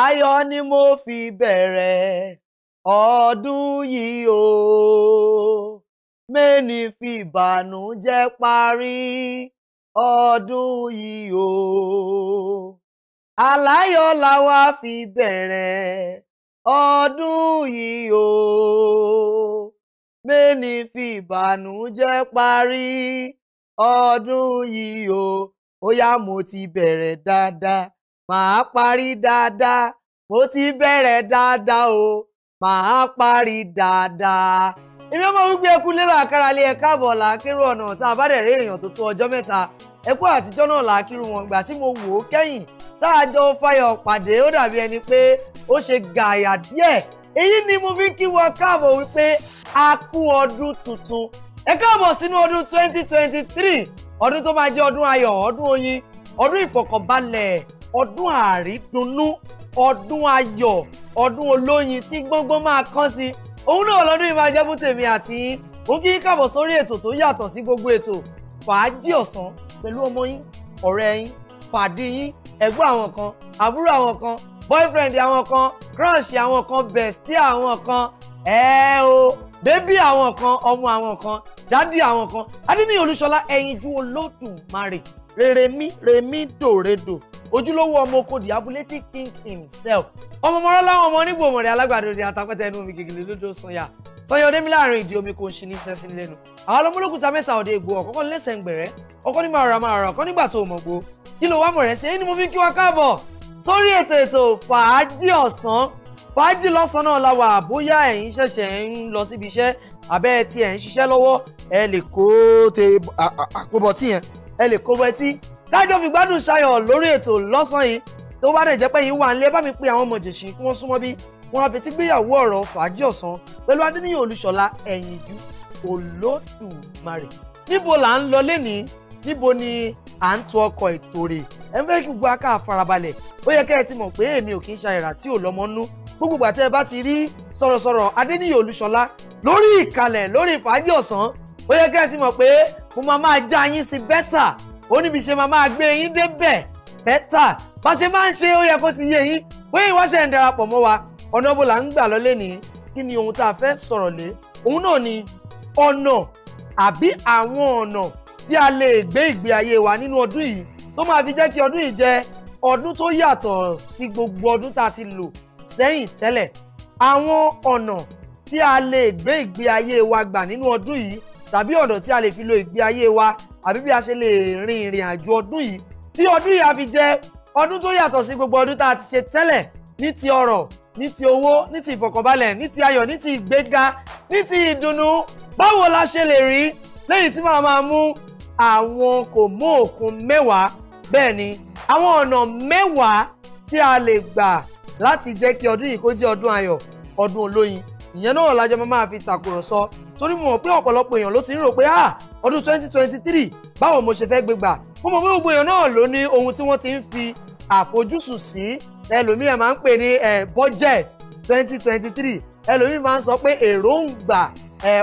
ayọ̀ ni mo fi bẹ̀rẹ̀ ọdún yìí o mẹ́ni fi ìbànújẹ́ parí ọdún yìí o aláyọ̀ la wá fi bẹ̀rẹ̀ ọdún yìí o mẹ́ni fi ìbànújẹ́ parí ọdún yìí o ó yá mo ti bẹ̀rẹ̀ dáadáa màá parí dáadáa mo ti bẹ̀rẹ̀ dáadáa o màá parí dáadáa. èmi ọmọ wípé ẹkú lérò àkàrà lé ẹ káàbọ̀ làákírù ọ̀nà tá a bá dẹ̀ rí èèyàn tó tó ọjọ́ mẹ́ta ẹkú àtijọ́ náà làákírù wọn ìgbà tí mo wò ó kẹ́yìn tá a jọ fáyọ̀ pàdé ó dàbí ẹni pé ó ṣe gàyà díẹ̀ èyí ni mo fi kí wọn káàbọ̀ wípé a kú ọdún tuntun ẹ káàbọ̀ sínú ọdún 2023 ọdún tó máa jẹ́ ọdún ayọ̀ ọdún oyin ọdún ìfọ̀kànbalẹ̀ ọdún àrídùnnú ọdún ayọ̀ ọdún olóyin tí gbọ́ngbọ́n máa kán sí òun náà lọ́dún yìí máa jẹ́ fún tèmi àti yín mo kí káàbọ̀ sórí ètò tó yàtọ̀ sí gbogbo ètò fàájì ọ̀sán pẹ̀lú ọmọ yín ọ̀rẹ́ yín pàdé yín ẹ̀gbọ́n àwọn kan àbúrò àwọn kan boyfriend àwọn kan crush àwọn kan bestie àwọn kan ẹ o bébí àwọn kan ọmọ àwọn kan dádì àwọn kan adínníyàn olúṣọlá ẹyinjú olódùmarè rèrèmí rèmí dòrèdò ojúlówó ọmọ okòdì abúlétí king himself ọmọ mọ́rọ́ láwọn ọmọ onígbò mọ̀rẹ́ alágbàdo ni àtàpẹ́tẹ ẹnu omi gègèlè lódò sanya sanya ọdẹ mi láàrin ìdí omi kò ń ṣe ní sẹ́sìn lẹ́nu àwọn ọlọmọlókùtà mẹ́ta òde ìgbò ọ̀kọ́kọ́ lẹ́sẹ̀ ń gbẹ̀rẹ́ ọkọ́ ní máa ra máa ra ọkọ́ nígbà tó o mọ̀ gbó kí ló wá mọ̀rẹ́ sí èyí ni mo fi kí wa káàbọ̀ sórí ètò ètò fàájì ọ̀sán fàájì lọ́sàn-án náà la wà bóyá ẹ̀yin ṣẹ̀ṣẹ̀ ń lọ síbi iṣẹ́ abẹ́ tí ẹ̀ ń ṣiṣẹ́ lọ́wọ́ ẹ lè kó te àkóbọ̀tì yẹn ẹ lè kó bẹ́tí dájọ́ fi gbádùn ṣayọ̀ lórí ètò lọ́sàn-án yìí tó bá dẹ̀ jẹ́ pé yín wà ń lé bá mi pe àwọn ọmọ jèṣin kí wọ́n súnmọ́ bí wọ́n á fetí gbéyàwó ọ̀rọ̀ fàájì ọ̀sán pẹ̀lú adéníyàn olúṣọlá ẹ̀yìnjú olódùmarè níbo là ń lọ lénìí níbo ni à ń to ọkọ̀ ètò rè ẹ ń fẹ́ kí gbogbo aká farabalẹ̀ ó yẹ kẹ́ ẹ ti mọ̀ pé èmi ò kì í ṣàìrà tí ò lọ́mọ nú gbogbo ìgbà ẹ bá ti rí sọ̀rọ̀sọ̀rọ̀ adéníyàn olúṣọlá lórí ìkàlẹ̀ lórí fàájì ọ̀sán ó yẹ kẹ́ ẹ ti mọ̀ pé mo máa máa já yín sí bẹ́tà ó níbi ṣe máa máa gbé yín débẹ̀ bẹ́tà bá ṣe máa ń ṣe ó yẹ kó ti yé yín bóyá ìwáṣẹ̀ ń darapọ̀ mọ́ wa ọ̀nà bó la ń gbà lọ lénìí kí ni ohun tá a fẹ́ sọ̀rọ̀ lé òun náà ni ọ̀nà àbí àwọn ọ̀nà tí a lè gbé ìgbé ayé wa nínú ọdún yìí tó máa fi jẹ́ kí ọdún yìí jẹ́ ọdún tó yàtọ̀ sí gbogbo ọdún tá a ti lò sẹ́yìn tẹ́lẹ̀ àwọn ọ̀nà tí a lè gbé ìgbé ayé wa gbà nínú ọdún yìí tàbí ọ̀nà tí a lè fi lo ìgbé ayé wa àbí bí a ṣe lè rin ìrìn àjò ọdún yìí tí ọdún yìí a fi jẹ́ ọdún tó yàtọ̀ sí gbogbo ọdún tá a ti ṣe tẹ́lẹ̀ ní ti ọrọ̀ ní ti owó ní ti ìfọ̀kànbalẹ̀ ní ti ayọ̀ ní ti ìgbéga ní ti ìdùnnú báwo la ṣe lè rí lẹ́yìn tí màá máa mú àwọn kò mú òkun mẹ́wàá bẹ́ẹ̀ ni àwọn ọ̀nà mẹ́wàá tí a lè gbà láti jẹ́ kí ọdún yìí kó jẹ́ ọdún ayọ̀ ọdún olóyin ìyẹn náà lájọ máa fi tàkùrọ̀sọ torí mo mọ̀ pé ọ̀pọ̀lọpọ̀ èèyàn ló ti ń rò pé ah, ọdún 2023 báwo mo ṣe fẹ́ gbégbà mo mọ̀ pé gbogbo èèyàn náà ló ní ohun tí wọ́n ti ń fi àfojúsùn sí ẹlòmíì ẹ̀ máa ń pè ní budget 2023 ẹlòmíì máa ń sọ pé èròǹgbà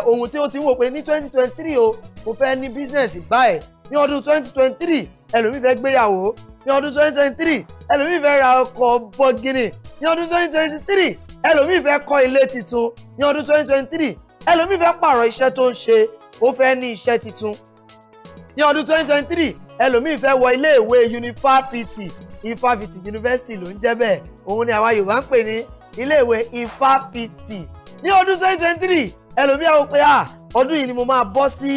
ohun tí ó ti ń wò pé ní 2023 o mo fẹ́ ní business báyìí ní ọdún 2023 ẹlòmíì fẹ́ gbéyàwó ní ọdún 2023 ẹlòmíì fẹ́ ra ọkọ̀ bọ́gìnì ní ọdún 2023 ẹlòmíì fẹ́ kọ́ ilé tuntun ní ọdún 2023 ẹlòmíì fẹ́ pààrọ̀ iṣẹ́ tó ń ṣe ó fẹ́ ní iṣẹ́ tuntun ní ọdún 2023 ẹlòmíì fẹ́ wọ ilé ìwé yunifásitì ifáfitì yunifásitì ló ń jẹ́ bẹ́ẹ̀ òun ni àwọn Yorùbá ń pè ní ilé ìwé ifáfitì ní ọdún 2023 ẹlòmíì àwọn pé à ah, ọdún yìí ni mo máa bọ́ sí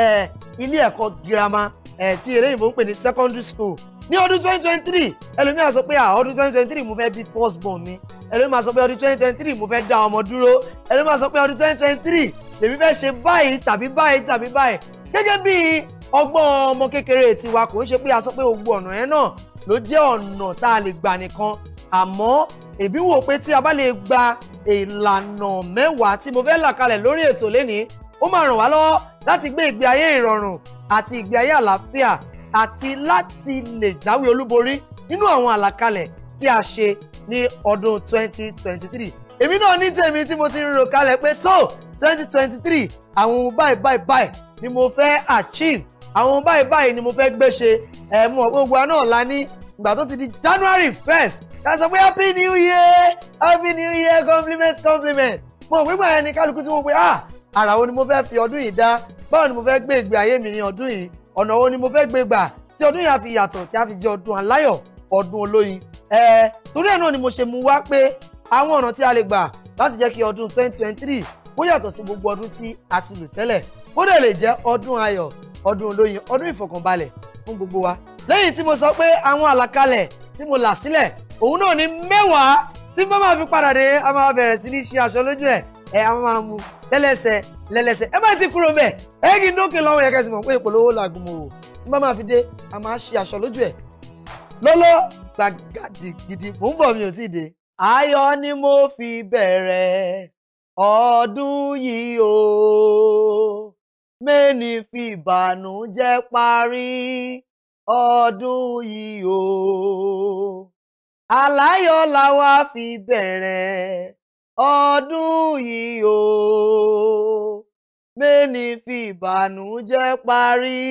eh, ilé ẹ̀kọ́ girama eh, tí eléyìnbó ń pè ní secondary school ní ọdún twenty twenty three ẹlòmíràn sọ pé ọdún twenty twenty three mo fẹ́ bí first born mi ẹlòmíràn sọ pé ọdún twenty twenty three mo fẹ́ dá ọmọ dúró ẹlòmíràn sọ pé ọdún twenty twenty three lèmi fẹ́ ṣe báyìí tàbí báyìí tàbí báyìí gẹ́gẹ́ bí ọgbọ́n ọmọ kékeré tiwa kò ń ṣe pé a sọ pé gbogbo ọ̀nà yẹn náà ló jẹ́ ọ̀nà tá a lè gbà nìkan àmọ́ èmi wò pé tí a bá lè gba ìlànà mẹ́wàá tí mo fẹ́ là kalẹ̀ lórí ètò lénìí ó máa ràn wá lọ́wọ́ láti gbé ìgbé ayé ìrọ̀rùn àti ìgbé ayé àlàáfíà àti láti lè jáwé olúborí nínú àwọn àlàkalẹ̀ tí a ṣe ní ọdún 2023 èmi náà ní tèmi tí mo ti rò kalẹ̀ pé tó 2023 àwọn ohun báyìí báyìí báyìí ni mo fẹ́ achieve àwọn ohun báyìí báyìí ni mo fẹ́ gbé ṣe ẹ̀mọ́ gbogbo náà la ní ìgbà tó ti di January 1st ká sọ pé happy new year happy new year compliment compliment mo gbígbà ẹni kálukú tí mo pe ah àràwo ni mo fẹ́ fi ọdún yìí dá báwo ni mo fẹ́ gbé ìgbé ayé mi ní ọdún yìí ọ̀nà wo ni mo fẹ́ gbé gbà tí ọdún yìí á fi yàtọ̀ tí á fi jẹ́ ọdún aláyọ̀ ọdún olóyin ẹ torí ẹ̀ náà ni mo ṣe mú wá pé àwọn ọ̀nà tí a lè gbà láti jẹ́ kí ọdún 2023 kó yàtọ̀ sí gbogbo ọdún tí a ti lò tẹ́lẹ̀ ó dẹ̀ lè jẹ́ ọdún ayọ̀ ọdún olóyin ọdún ìfọ̀kànbalẹ̀ fún gbogbo wa lẹ́yìn tí mo sọ pé àwọn àlàkalẹ̀ tí mo là sílẹ̀ òun náà ni mẹ́wàá tí bá máa fi padà dé a máa bẹ̀rẹ̀ sí ní ṣe aṣọ lójú ẹ̀ ẹ a máa mu lẹ́lẹ́sẹ̀ lẹ́lẹ́sẹ̀ ẹ má ti kúrò bẹ́ẹ̀ ẹ dókè lọ́wọ́ yẹn kẹsì pé ìpolówó làgùnmòwò tí bá máa fi dé a máa ṣe aṣọ lójú ẹ̀ lọ́lọ́ gbàgàdì gidi mò ń bọ̀ mi ò sì dé. ayọ̀ ni mo fi bẹ̀rẹ̀ ọdún yìí o mẹ́ni fi ìbànújẹ́ parí ọdún yìí o aláyọ̀ la wá fi bẹ̀rẹ̀ ọdún yìí o mẹ́ni fi ìbànújẹ́ parí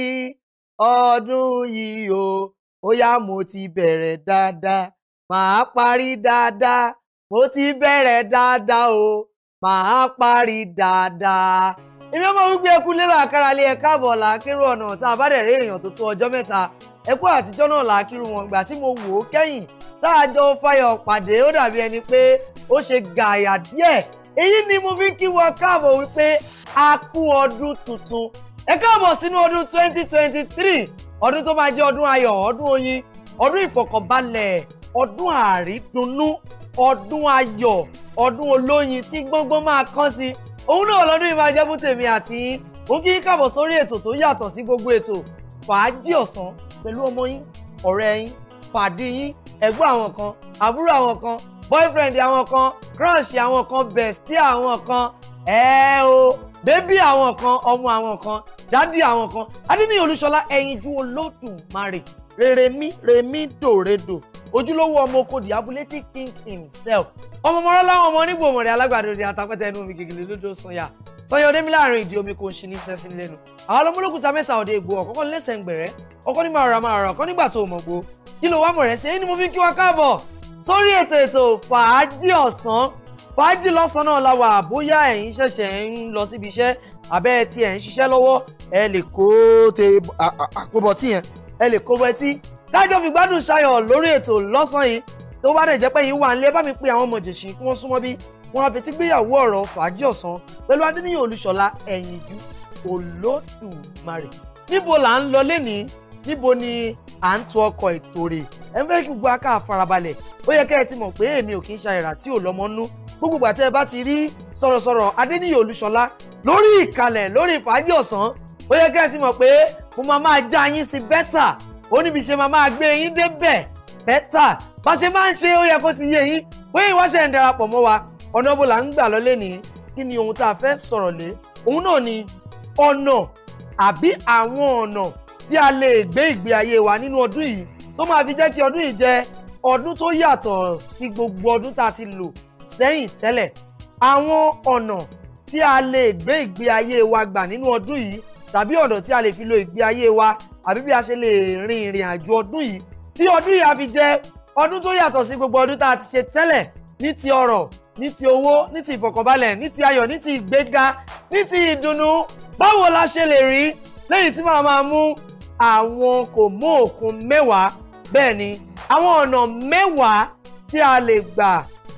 ọdún yìí o ó yá mo ti bẹ̀rẹ̀ dáadáa màá parí dáadáa mo ti bẹ̀rẹ̀ dáadáa o màá parí dáadáa èmi ọmọ wípé ẹkú lérò àkàrà lé ẹ káàbọ̀ làákírù ọ̀nà tá a bá dẹ̀ rí èèyàn tó tó ọjọ́ mẹ́ta ẹkú àtijọ́ náà làákírù wọn ìgbà tí mo wò ó kẹ́yìn tá a jọ fayọ̀ pàdé ó dàbí ẹni pé ó ṣe gàyà díẹ̀ èyí ni mo fi kí wa káàbọ̀ wípé a kú ọdún tuntun ẹ káàbọ̀ sínú ọdún 2023 ọdún tó máa jẹ́ ọdún ayọ̀ ọdún oyin ọdún ìfọ̀kànbalẹ̀ ọdún àrídùnnú ọdún ayọ̀ ọdún olóyin tí gbọ́ngbọ́n máa kán sí òun náà lọ́dún yìí máa jẹ́ fún tèmi àti yín mo kí káàbọ̀ sórí ètò tó yàtọ̀ sí gbogbo ètò fàájì ọ̀sán pẹ̀lú ọmọ yín ọ̀rẹ́ yín pàdé yín ẹ̀gbọ́n àwọn kan àbúrò àwọn kan boyfriend àwọn kan crush àwọn kan bestie àwọn kan ẹ o bébí àwọn kan ọmọ àwọn kan dádì àwọn kan adéníyàn olúṣọlá ẹyinjú olódùmarè rèrèmí rèmí dòrèdò ojúlówó ọmọ okòdì abúlé tí king himself ọmọ mọ́rọ́ láwọn ọmọ onígbò mọ̀rẹ́ alágbàdo rẹ̀ àtàpẹ́tẹ̀ ẹnu omi gègèlè lódò sanya sanya ọdẹ mi láàrin ìdí omi kò ń ṣe ní sẹ́sìn lẹ́nu àwọn ọlọ́mọlókùtà mẹ́ta ọ̀dẹ ìgbò ọ̀kọ́kọ́ lẹ́sẹ̀ ń gbẹ̀rẹ́ ọkọ́ ní máa ra máa nígbà tó mọ̀ gbó kí ló wá fọ̀rẹ́ ṣe é ni mo fi kí wa káàbọ̀ sórí ètò ètò fàájì ọ̀sán fàájì lọ́sàn-án náà la wà bóyá ẹ̀yin ṣẹ̀ṣẹ̀ ń lọ síbi iṣẹ́ àbẹ́ tí ẹ̀ ń ṣiṣẹ́ lọ́wọ́ ẹ lè kó te àkóbọ̀tì yẹn ẹ lè kó bẹ́tí kájọ fi gbádùn ṣayọ̀ lórí ètò lọ́sàn-án yìí tó bá dẹ̀ jẹ́ pé yín wà ń lé bá mi pe àwọn ọmọ jèṣin kí wọ́n súnmọ́ bí wọ́n á fetí gbéyàwó ọ̀rọ̀ fàájì ọ̀sán pẹ̀lú adéníyàn olúṣọlá ẹ̀yìn ju olódùmarè níbo là ń lọ lénìí níbo ni à ń to ọkọ̀ ètò rẹ̀ ẹ ń fẹ́ kí gbogbo aká farabalẹ̀ ó yẹ kẹ́ ẹ ti mọ̀ pé èmi ò kí ń ṣàìrà tí ò lọ́mọ nú gbogbo ìgbà tẹ́ ẹ bá ti rí sọ̀rọ̀sọ̀rọ̀ adéníyè olúṣọlá lórí ìkàlẹ̀ lórí fàájì ọ̀sán ó yẹ kẹ́ ẹ ti mọ̀ pé mo máa máa já yín sí bẹ́tà ó níbi ṣe máa máa gbé yín débẹ̀ bẹ́tà bá ṣe máa ń ṣe ó yẹ kó ti yé yín bóyá ìwáṣẹ̀ ń darapọ̀ mọ́ wa ọ̀nà bó la ń gbà lọ lénìí kí ni ohun tá a fẹ́ sọ̀rọ̀ lé òun náà ni ọ̀nà àbí àwọn ọ̀nà tí a lè gbé ìgbé ayé wa nínú ọdún yìí tó máa fi jẹ́ kí ọdún yìí jẹ́ ọdún tó yàtọ̀ sí gbogbo ọdún tá a ti lò sẹ́yìn tẹ́lẹ̀ àwọn ọ̀nà tí a lè gbé ìgbé ayé wa gbà nínú ọdún yìí tàbí ọ̀nà tí a lè fi lo ìgbé ayé wa àbí bí a ṣe lè rin ìrìn àjò ọdún yìí tí ọdún yìí a fi jẹ́ ọdún tó yàtọ̀ sí gbogbo ọdún tá a ti ṣe tẹ́lẹ̀ ní ti ọrọ̀ ní ti owó ní ti ìfọ̀kànbalẹ̀ ní ti ayọ̀ ní ti ìgbéga ní ti ìdùnnú báwo la ṣe lè rí lẹ́yìn tí màá máa mú àwọn kò mú òkun mẹ́wàá bẹ́ẹ̀ ni àwọn ọ̀nà mẹ́wàá tí a lè gbà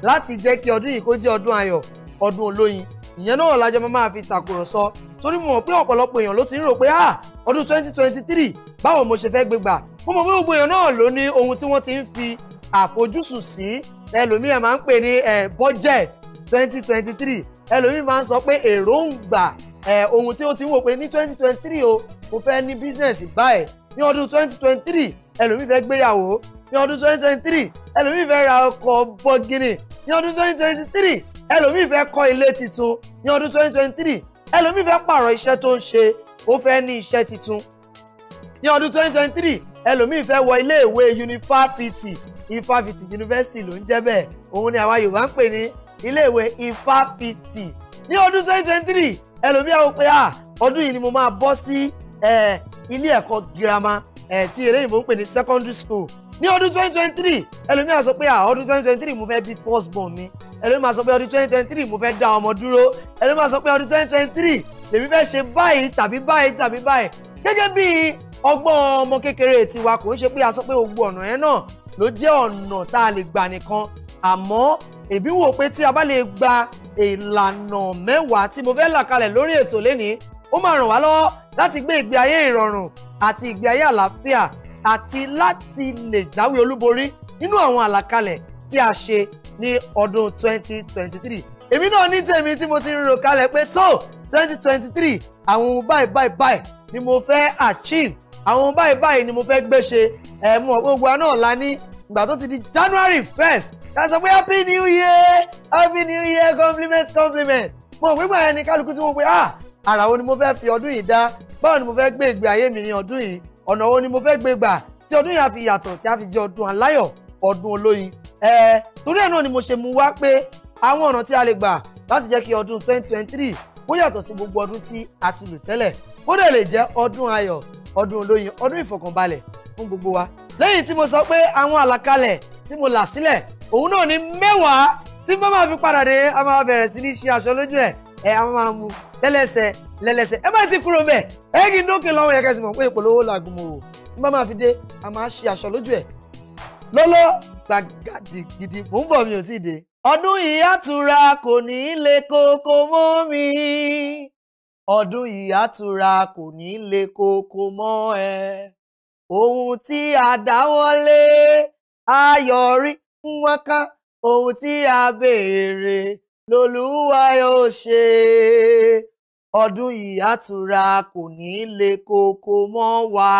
láti jẹ́ kí ọdún yìí kó jẹ́ ọdún ayọ̀ ọdún olóyin ìyẹn náà lájọ máa máa fi tàkùrọ̀sọ torí mo mọ̀ pé ọ̀pọ̀lọpọ̀ èèyàn ló ti ń rò pé ah ọdún 2023 báwo mo ṣe fẹ́ gbé gbà mo mọ̀ pé gbogbo èèyàn náà ló ní ohun tí wọ́n ti ń fi àfojúsùn sí ẹlòmíì ẹ̀ máa ń pè ní eh, budget 2023 ẹlòmíì máa ń sọ pé èròǹgbà ohun tí ó ti ń wò pé ní twenty twenty three o mo fẹ́ ní business báyìí ní ọdún 2023, twenty three ẹlòmíì fẹ́ gbéyàwó ní ọdún 2023, twenty three ẹlòmíì fẹ́ ra ọkọ̀ bọ́gìnì ní ọdún 2023, twenty three ẹlòmíì fẹ́ kọ́ ilé tuntun ní ọdún 2023, twenty three ẹlòmíì fẹ́ pààrọ̀ iṣẹ́ tó ń ṣe ó fẹ́ ní iṣẹ́ tuntun ní ọdún twenty twenty three ẹlòmíì fẹ́ wọ ilé ìwé yunifásitì ifáfitì yunifásitì ló ń jẹ́ bẹ́ẹ̀ òun ni àwa Yorùbá ń pè ní iléèwé ifáfitì ní ọdún 2023 ẹlòmíì àwọn pé à ah, ọdún yìí ni mo máa bọ́ sí ilé ẹ̀kọ́ girama tí eléyìnbó ń pè ní secondary school ní ọdún 2023 ẹlòmíì á sọ pé à ah, ọdún 2023 mo fẹ́ bí first born mi ẹlòmíì á sọ pé ọdún 2023 mo fẹ́ dá ọmọ dúró ẹlòmíì á sọ pé ọdún 2023 lèmi fẹ́ ṣe báyìí tàbí báyìí tàbí báyìí gẹ́gẹ́ bí ọgbọ́n ọmọ kékeré tiwa kò ń ṣe pé a sọ pé gbogbo ọ̀nà yẹn náà ló jẹ́ ọ̀nà tá a lè gbà nìkan àmọ́ èmi wò pé tí a bá lè gba ìlànà mẹ́wàá tí mo fẹ́ là kalẹ̀ lórí ètò lénìí ó máa ràn wá lọ́wọ́ láti gbé ìgbé ayé ìrọ̀rùn àti ìgbé ayé àlàáfíà àti láti lè jáwé olúborí nínú àwọn àlàkalẹ̀ tí a ṣe ní ọdún 2023 èmi náà ní tèmi tí mo ti rò kalẹ̀ pé tó twenty twenty three àwọn ohun báyìí báyìí báyìí ni mo fẹ́ achieve àwọn ohun báyìí báyìí ni mo fẹ́ gbé ṣe ẹ̀ mọ̀ gbogbo àná ọ̀la ní ìgbà tó ti di January first ká sọ pé happy new year happy new year compliment compliment mo gbígbà ẹni kálukú tí mo pe ah ara wo ni mo fẹ́ fi ọdún yìí dá báwo ni mo fẹ́ gbé ìgbé ayé mi ní ọdún yìí ọ̀nà wo ni mo fẹ́ gbé gbà tí ọdún yìí a fi yàtọ̀ tí á fi jẹ́ ọdún aláyọ̀ ọdún olóyin ẹ torí ẹ̀ náà ni mo ṣe mú wá pé àwọn ọ̀nà tí a lè gbà láti jẹ́ kí ọdún 2023 ó yàtọ̀ sí gbogbo ọdún tí a ti lù tẹ́lẹ̀ ó dẹ̀ lè jẹ́ ọdún ayọ̀ ọdún olóyin ọdún ìfọ̀kànbalẹ̀ fún gbogbo wa lẹ́yìn tí mo sọ pé àwọn àlàkalẹ̀ tí mo là sílẹ̀ òun náà ní mẹ́wàá tí bá máa fi padà dé a máa bẹ̀rẹ̀ sí ní ṣe aṣọ lójú ẹ̀ ẹ̀ a máa mu lẹ́lẹ́sẹ̀ lẹ́lẹ́sẹ̀ ẹ má ti kúrò mbẹ̀ ẹ kì í dókè lọ́wọ́ yẹn kẹsì mọ̀ pé ìpolówó làgùnmọ̀ o tí bá máa fi dé a máa ṣe aṣọ lójú ẹ̀ lọ́lọ́ gbàgàdì gidi mò ń bọ̀ mi ò sì dé ọdún ìyàtura kò ní le koko mọ́ mi ọdún ìyàtura kò ní le koko mọ́ ẹ ohun tí a dáwọ́lé a yọrí ń wáká ohun tí a béèrè lolúwa yóò ṣe ọdún ìyàtura kò ní le koko mọ́ wa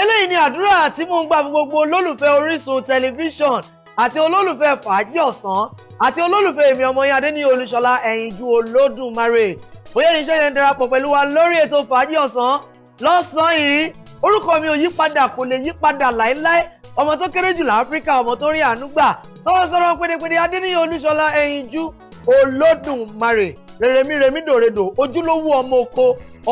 eléyìí ni àdúrà tí mò ń gbà gbogbo olólùfẹ́ Orísun tẹlifíṣọ̀n àti olólùfẹ́ fàájì ọ̀sán àti olólùfẹ́ èmi ọmọ yín Adéníyì Olúṣọlá Ẹ̀yìnjú Olódùmarè bóyá ní iṣẹ́ yẹn darapọ̀ pẹ̀lú wa lórí ètò fàájì ọ̀sán lọ́sàn-án yìí orúkọ mi ò yí padà kò lè yí padà láéláé ọmọ tó kéré jù láfíríkà ọmọ tó rí àánú gbà sọ̀rọ̀sọ̀rọ̀ pédépédé Adéníyì Olúṣọlá Ẹ̀yìnjú Olódùmarè rèrèmí rèmí dòredò ojúlówó ọmọ oko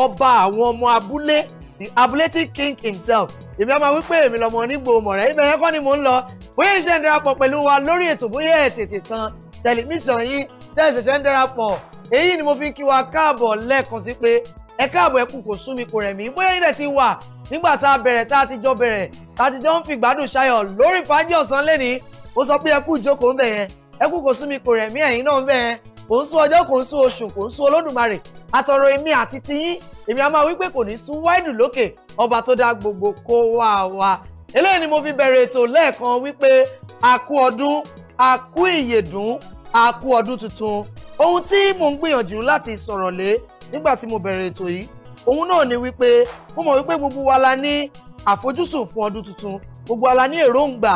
ọba àwọn ọmọ abúlé the abulating king himself èmi ọmọ wípé èmi lọmọ onígbò mọ̀rẹ́ ibẹ̀ yẹn kọ́ ni mò ń lọ bóyá ìṣe ń darapọ̀ pẹ̀lú wa lórí ètò bóyá ẹ̀ tètè tan tẹlifíṣàn yín tẹ́ ṣẹ̀ṣẹ̀ ń darapọ̀ èyí ni mo fi ń kí wa káàbọ̀ lẹ́ẹ̀kan sí pé ẹ káàbọ̀ ẹ kú kò sú mi kò rẹ̀ mí bóyá ilẹ̀ ti wà nígbà tá a bẹ̀rẹ̀ tá a ti jọ bẹ̀rẹ̀ tá a ti jọ ń fi gbádùn ṣayọ̀ lórí fàájì ọ̀sán lẹ́ni mo sọ pé ẹ kú ìjókòó ń bẹ̀ yẹn ẹ kú kò sú mi kò rẹ̀ mí ẹ̀yin náà ń bẹ̀ yẹn kò ń sún ọjọ́ kò ń sún oṣù kò ń sún olódùmarè àtọ̀rọ̀ èmi àti tiyín èmi a máa wí pé kò ní sún wáìdù lókè ọba tó dá gbogbo kó wá wá eléyìí ni mo fi bẹ̀rẹ̀ ètò lẹ́ẹ̀kan wípé a kú ọdún a kú ìyèdún a kú ọdún tuntun ohun tí mò ń gbìyànjú láti sọ̀rọ̀ lé nígbà tí mo bẹ̀rẹ̀ ètò yìí òun náà ni wípé mo mọ̀ wípé gbogbo wa la ní àfojúsùn fún ọdún tuntun gbogbo wa la ní èròǹgbà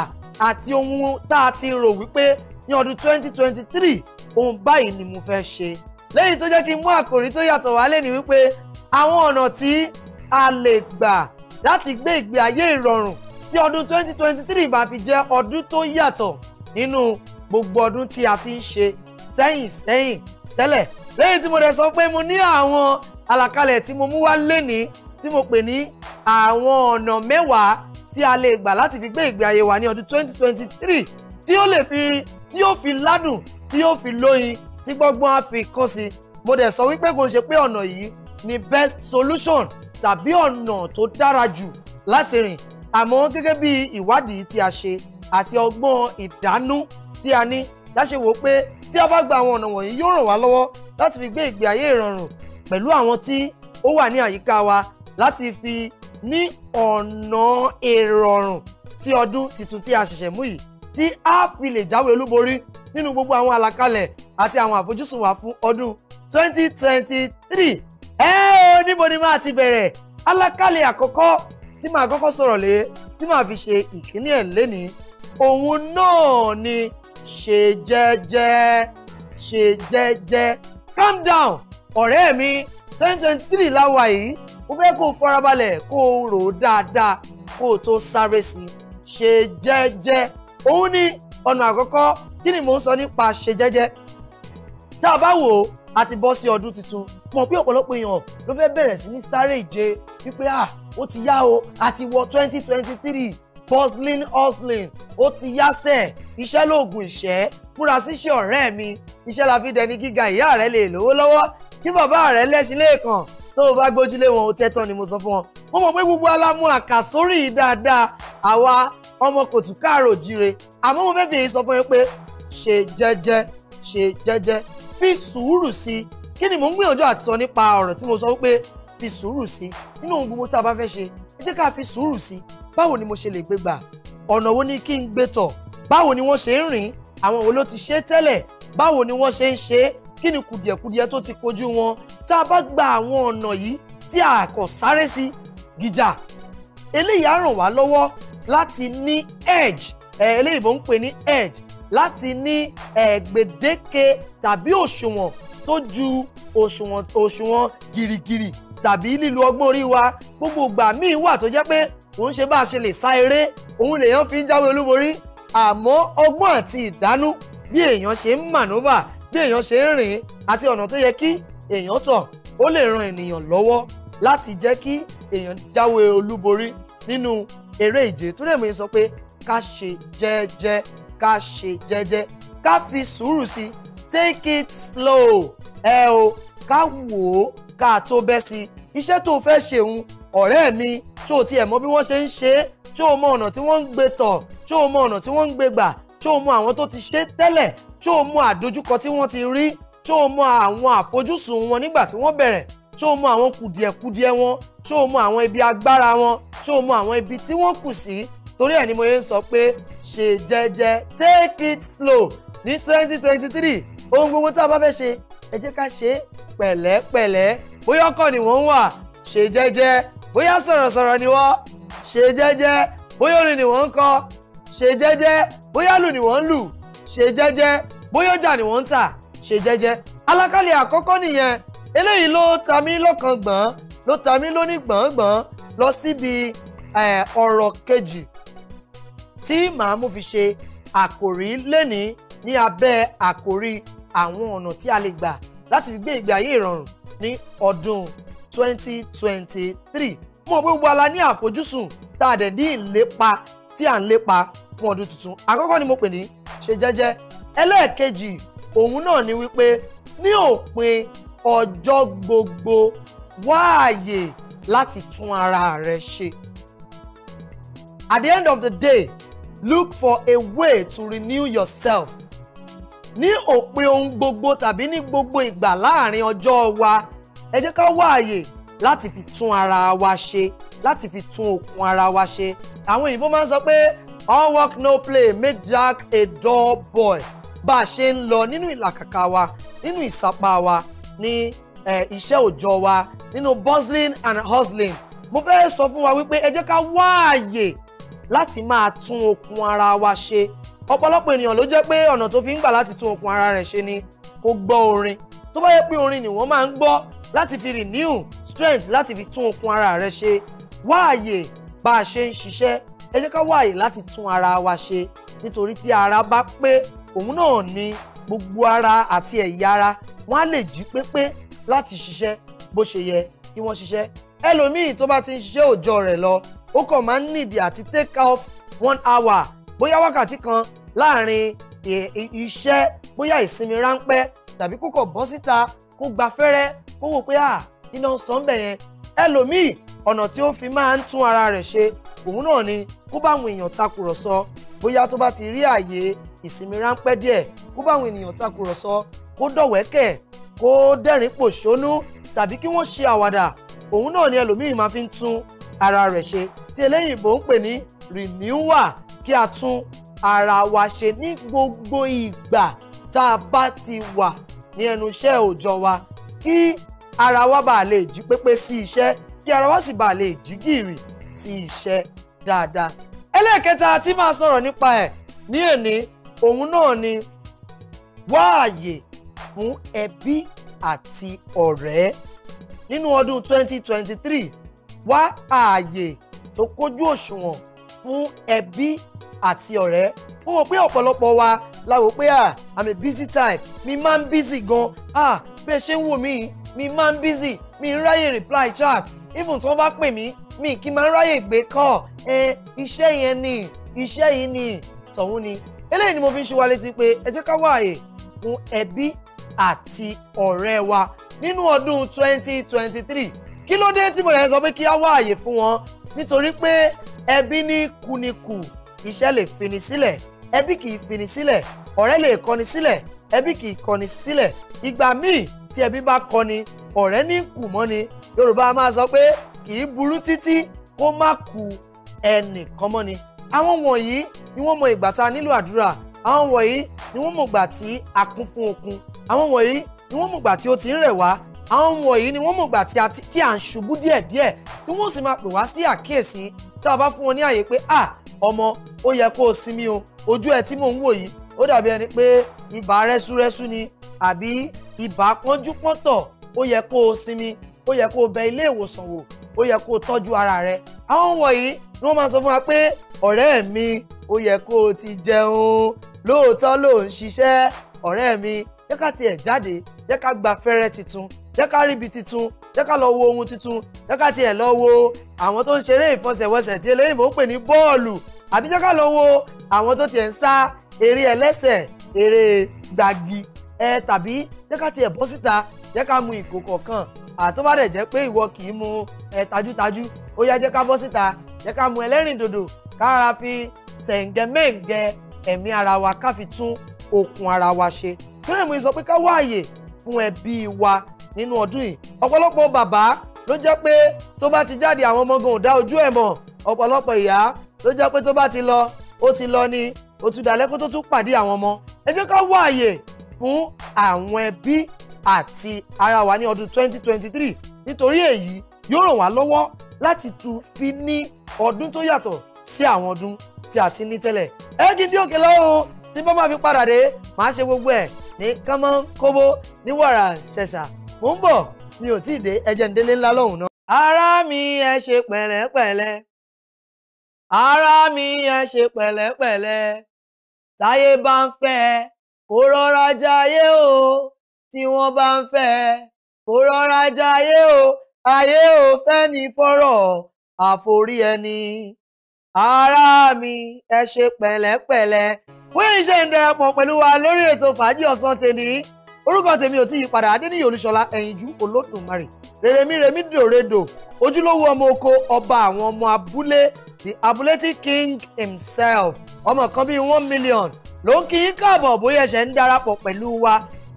àti ohun tá a ti rò wípé ní ọdún 2023 ohun báyìí ni mo fẹ́ ṣe lẹ́yìn tó jẹ́ kí n mú àkòrí tó yàtọ̀ wálé ni wípé àwọn ọ̀nà tí a lè gbà láti gbé ìgbé ayé ìrọ̀rùn tí ọdún 2023 máa fi jẹ́ ọdún tó yàtọ̀ nínú gbogbo ọdún tí a ti ń ṣe sẹ́yìn sẹ́yìn tẹ́lẹ̀ lẹ́yìn tí mo dẹ̀ sọ pé mo ní àwọn àlàkalẹ̀ tí mo mú wá lénìí tí mo pè ní àwọn ọ̀nà mẹ́wàá tí a lè gbà láti fi gbé ìgbé ayé wa ní ọdún 2023 tí ó lè fi tí ó fi ládùn tí ó fi lóyin tí gbọ́ngbọ́n á fi kán sí mo dẹ̀ sọ wípé kò ń ṣe pé ọ̀nà yìí ni best solution tàbí ọ̀nà tó dára jù láti rìn àmọ́ gẹ́gẹ́ bí ìwádìí tí a ṣe àti ọgbọ́n ìdánú tí a ní láṣẹ wò pé tí a bá gba àwọn ọ̀nà wọ̀nyí yóò ràn wá lọ́wọ́ láti fi gbé ìgbé ayé ìrọ̀rùn pẹ̀lú àwọn tí ó wà ní àyíká wa láti fi ní ọ̀nà ìrọ̀rùn sí ọdún tuntun tí a ṣẹ̀ṣẹ̀ mú yìí tí a fi lè jáwé olúborí nínú gbogbo àwọn àlàkalẹ̀ àti àwọn àfojúsùn wa fún ọdún 2023 ẹ ó níbo ni máa ti bẹ̀rẹ̀ àlàkalẹ̀ àkọ́kọ́ tí màá kọ́kọ́ sọ̀rọ̀ lé tí màá fi ṣe ìkíní ẹ̀ lénìí òun náà ni ṣe jẹ́jẹ́ ṣe jẹ́jẹ́ calm down ọ̀rẹ́ mi 2023 la wà yìí mo fẹ́ kó o farabalẹ̀ kó o rò ó dáadáa kó o tó sáré sí i ṣe jẹ́jẹ́ òun ni ọ̀nà àkọ́kọ́ kí ni mò ń sọ nípa ṣe jẹ́jẹ́ tá a bá wò ó a ti bọ́ sí ọdún tuntun mọ̀ pé ọ̀pọ̀lọpọ̀ èèyàn ló fẹ́ bẹ̀rẹ̀ sí ní sáré ìje wípé à ó ti yá o a ti wọ twenty twenty hustling ó ti yásẹ̀ iṣẹ́ lóògùn ìṣẹ́ múra síṣẹ́ ọ̀rẹ́ mi iṣẹ́ la fi dẹni gíga ìyá rẹ̀ lè lówó lọ́wọ́ kí bàbá rẹ̀ lẹ́sìn lẹ́ẹ̀kan tó o bá gbójúlé wọn o tẹ́tàn ni mo sọ fún wọn mo mọ̀ pé gbogbo alámú àkàsórí dáadáa àwa ọmọ kòtù káàrò jíire àmọ́ mo fẹ́ẹ́ fi sọ fún yín pé ṣe jẹ́jẹ́ ṣe jẹ́jẹ́ fi sùúrù sí i kí ni mò ń gbìyànjú àti sọ nípa ọ̀rọ̀ tí mo sọ wípé fi sùúrù sí i nínú ohun gbogbo tá a bá fẹ́ ṣe ẹ jẹ́ ká fi sùúrù sí i báwo ni mo ṣe lè gbé gbà ọ̀nà wo ni kí n gbé tọ̀ báwo ni wọ́n ṣe ń rìn àwọn wo ló ti ṣe tẹ́lẹ̀ báwo ni wọ́n ṣe ń ṣe é kí ni kùdìẹ̀kùdìẹ̀ tó ti kojú wọn tá a bá gba àwọn ọ̀nà yìí tí a kò sáré sí gíjà eléyìí á ràn wá lọ́wọ́ láti ní edge eléyìí bó ń pè ní edge láti ní gbèdéke tàbí òṣùwọ̀n tó ju òṣùwọ̀n òṣùwọ̀n gìrìgìrì tàbí lílo ọgbọ́n orí wa gbogbo ìgbà míì wà tó jẹ́ pé òun ṣe bá a ṣe lè sá eré òun lèèyàn fi ń jáwé olúborí àmọ́ ọgbọ́n àti ìdánú bí èèyàn ṣe ń mànúvà bí èèyàn ṣe ń rìn àti ọ̀nà tó yẹ kí èèyàn tọ̀ ó lè ran ènìyàn lọ́wọ́ láti jẹ́ kí èèyàn jáwé olúborí nínú eré ìje tó lè mú yín sọ pé ká ṣe jẹ́jẹ́ ká ṣe jẹ́jẹ́ ká fi sùúrù sí take it slow ẹ o ká wò ó ká tó bẹ́ sí iṣẹ́ tó fẹ́ ṣe òun ọ̀rẹ́ mi tó tiẹ̀ mọ̀ bí wọ́n ṣe ń ṣe é ṣó o mọ ọ̀nà tí wọ́n ń gbé tọ̀ ṣó o mọ ọ̀nà tí wọ́n ń gbé gbà ṣó o mọ àwọn tó ti ṣe tẹ́lẹ̀ ṣó o mọ àdojúkọ tí wọ́n ti rí ṣó o mọ àwọn àfojúsùn wọn nígbà tí wọ́n bẹ̀rẹ̀ ṣó o mọ àwọn kùdìẹ̀kudiẹ wọn ṣó o mọ àwọn ibi agbára wọn ṣó o mọ àwọn ibi tí wọ́n kù sí torí ẹ̀ ni mo yẹn ń sọ pé ṣe jẹ́jẹ́ take it slow ní twenty twenty three ohun gbogbo tí a bá fẹ́ ṣe ẹ jẹ́ ká ṣe é pẹ̀lẹ́pẹ̀lẹ́ bóyá ọkọ̀ ni wọ́n ń wà ṣe jẹ́jẹ́ bóyá sọ̀rọ̀sọ̀rọ̀ ni wọ́n ṣe jẹ́jẹ́ bóyá orin ni wọ́n ń kọ ṣe jẹ́jẹ́ bóyá lù ni wọ́n ń lù ṣe jẹ́jẹ́ bóyá ọjà ni wọ́n ń tà ṣe jẹ́jẹ́ alákàlẹ̀ àkọ́kọ́ nìyẹn eléyìí ló ta mí lọ́kàn gbọ̀n ló ta mí lóní gbọ̀ngbọ̀n lọ síbi ọ̀rọ̀ kejì tí màá mú fi ṣe àkòrí lénìí ní abẹ́ àkòrí àwọn ọ̀nà tí a lè gbà láti fi gbé ìgbé ayé ìrọ̀rùn ní ọdún 2023 mo gbogbo ala ní àfojúsùn tá a dẹ̀ ní ìlépa tí à ń lépa fún ọdún tuntun àkọ́kọ́ ni mo pè ní ṣe jẹ́jẹ́ ẹlẹ́ẹ̀kejì òun náà ni wípé ní òpin ọjọ́ gbogbo wáàyè láti tún ara rẹ ṣe at the end of the day look for a way to renew yourself ní òpin ohun gbogbo tàbí ní gbogbo ìgbà láàrin ọjọ́ wa ẹ jẹ́ ká wáàyè láti fi tún ara wa ṣe láti fi tún okun ara wa ṣe àwọn òyìnbó máa ń sọ pé all work no play make Jack a dull boy bá a ṣe ń lọ nínú ìlàkàkà wa nínú ìsapá wa ní iṣẹ́ òòjọ́ wa nínú bustling and hustling mo fẹ́ sọ fún wa wípé ẹ jẹ́ ká wá àyè láti máa tún okun ara wa ṣe ọ̀pọ̀lọpọ̀ ènìyàn ló jẹ́ pé ọ̀nà tó fi ń gbà láti tún okun ara rẹ̀ ṣe ni kó gbọ́ orin tó bá yẹ pé orin ni wọ́n máa ń gbọ́ láti fi renew strength láti fi tún okun ara rẹ̀ ṣe wá àyè bá a ṣe ń ṣiṣẹ́ ẹ jẹ́ ká wá àyè láti tún ara wa ṣe nítorí tí ara bá pé òun náà ni gbogbo ara àti ẹ̀yà ara wọ́n á lè jí pépé láti ṣiṣẹ́ bó ṣe yẹ kí wọ́n ṣiṣẹ́ ẹlòmíì tó bá ti ń ṣiṣẹ́ òòjọ́ rẹ̀ lọ ó kàn máa ń nìdí àti take off one hour bóyá wákàtí kan láàrin iṣẹ́ bóyá ìsinmi ráńpẹ́ tàbí kó kàn bọ́ síta kó gba fẹ́rẹ́ kó wò pé à iná sọ́ńbẹ̀ yẹn ẹlòmíì ọ̀nà tí ó fi máa ń tún ara rẹ̀ ṣe òun náà ni kó báwọn èèyàn takùrọ̀sọ bóyá tó bá ti rí àyè ìsinmi ráńpẹ́ díẹ̀ kó báwọn ènìyàn takùrọ̀sọ kó dọ̀wẹ́kẹ̀ kó dẹ́rìn pòṣónú tàbí kí wọ́n ṣe àwàdà òun náà ni ẹlòmíì máa fi ń tún ara rẹ̀ ṣe tí eléyìnbó ń pè ní renewal kí a tún ara wa ṣe ní gbogbo ìgbà tá a bá ti wà ní ẹnu iṣẹ́ òòjọ́ wa kí ara wa bá lè jí pépé sí iṣẹ́ kí ara wa sì bá lè jí gìrì sí iṣẹ́ dáadáa. ẹlẹ́ẹ̀kẹta tí máa sọ̀rọ̀ nípa ẹ̀ ní èní òun náà ni wá àyè fún ẹbí àti ọ̀rẹ́ nínú ọdún 2023 wá ààyè tó kójú òṣùwọ̀n fún ẹbí àti ọ̀rẹ́ mo rò pé ọ̀pọ̀lọpọ̀ wa la rò pé ah i'm a busy type mi máa ń busy gan ah bẹ́ẹ̀ ṣe ń wò mí mi máa ń busy mi ń ráyè reply chat even tí wọ́n bá pè mí mi kì í máa ń ráyè gbé call ẹ iṣẹ́ yẹn ni iṣẹ́ yìí ni tọ̀hún ni eléyìí ni mo fi ń ṣe wa létí pé ẹ jẹ́ ká wá àyè fún ẹbí àti ọ̀rẹ́ wa nínú ọdún 2023 kí ló dé tí mo lè sọ pé kí á wá àyè fún wọn nítorí pé ẹbí ní kùnìkù iṣẹ́ lè fini sílẹ̀ ẹbí kì í fini sílẹ̀ ọ̀rẹ́ lè kọni sílẹ̀ ẹbí kì í kọni sílẹ̀ ìgbà míì tí ẹbí bá kọni ọ̀rẹ́ ní kù mọ́ni Yorùbá máa sọ pé kì í burú títí kó má ku ẹnìkan mọ́ni àwọn wọ̀nyí ni wọ́n mọ ìgbà tá a nílò àdúrà àwọn wọ̀nyí ni wọ́n mọ ìgbà tí a kún fún okun àwọn wọ̀nyí ni wọ́n mọ ìgbà tí ó ti ń rẹ̀ wá àwọn wọ̀nyí ni wọ́n mọ̀ gbà tí à ń ṣubú díẹ̀díẹ̀ tí wọ́n sì máa pè wá sí àkíyèsí tá a bá fún wọn ní àyè pé à ọmọ ó yẹ kó o sinmi o ojú ẹ tí mò ń wò yìí ó dàbí ẹni pé ibà rẹ́súrẹ́sú ni àbí ibà pọ́njú pọ́ntọ̀ ó yẹ kó o sinmi ó yẹ kó o bẹ ilé ìwòsàn wò ó yẹ kó o tọ́jú ara rẹ. àwọn wọ̀nyí ni wọ́n máa sọ fún wa pé ọ̀rẹ́ mi ó yẹ kó o ti jẹun lóòótọ́ ló ń ṣiṣẹ́ ọ̀rẹ́ mi jẹ́ ká tiẹ̀ jáde jẹ́ ká gba fẹ́rẹ́ titun jẹ́ ká ríbi titun jẹ́ ká lọ wo ohun titun jẹ́ ká tiẹ̀ lọ wo àwọn tó ń ṣeré ìfọsẹ̀wọsẹ̀ tí eléyìnbó ń pè ní bọ́ọ̀lù àbíjọ́ ká lọ wo àwọn tó tiẹ̀ ń sá eré ẹlẹ́sẹ̀ eré gbagi ẹ tàbí jẹ́ ká tiẹ̀ bọ́ síta jẹ́ ká mu ìkó kọ̀ọ̀kan àtọ́bàdẹ̀ jẹ́ pé ìwọ kì í mu ẹ tajútajú ó yá jẹ́ bọ́ síta jẹ́ mu ẹlẹ́rìndòdò ká rárá fi sẹ̀ǹgẹ̀mẹ̀ǹgẹ̀ ẹ̀mí ara wa ká fi tún okun ara wa ṣe kírẹ̀mù sọ pé ká wáàyè fún ẹbí wa nínú ọdún yìí ọ̀pọ̀lọpọ̀ bàbá ló jẹ́ pé tó bá ti jáde àwọn ọmọ gan ò dá ojú ẹ̀ mọ̀ ọ̀pọ̀lọpọ̀ ìyá tó jẹ́ pé tó bá ti lọ ó ti lọ ni ó tún dalẹ́ kó tó tún pàdé àwọn ọmọ ẹ jẹ́ ká wá àyè fún àwọn ẹbí àti ara wa ní ọdún 2023 nítorí èyí yóò ràn wá lọ́wọ́ láti tu fi ní ọdún tó yàtọ̀ sí àwọn ọdún tí a ti ní tẹ́lẹ̀ ẹ gidi òkè lọ́wọ́ tí bá máa fi padà dé màá ṣe gbogbo ẹ̀ ní kánmọ́ kóbó ní wàrà ṣẹ̀ṣà mò ń bọ̀ mi ò tí ì dé ẹ̀jẹ̀ ń délé ńlá lọ́hùn náà. ara mi ẹ ṣe pẹ̀lẹ́pẹ̀lẹ́ ara mi ẹ ṣe pẹ̀lẹ́pẹ̀lẹ́ táyé bá ń fẹ́ kó rọra jayé o tí wọ́n bá ń fẹ́ kó rọra jayé o ayé ò fẹ́ ní fọ́rọ̀ àforí ẹni ara mi ẹ ṣe pẹ̀lẹ́pẹ̀lẹ́ wíńṣẹ́ ń darapọ̀ pẹ̀lú wa lórí ètò fàájì ọ̀sán tèmi orúkọ tèmi ò tí yí padà adéníyè olúṣọlá ẹyinjú olódùmarè rèrèmí rèmí dòredò ojúlówó ọmọ oko ọba àwọn ọmọ abúlé the abúlétí king himself ọmọ kan bíi one million ló ń kí yín káàbọ̀ bóyá ẹ̀ṣẹ̀ ń darapọ̀ pẹ̀lú wa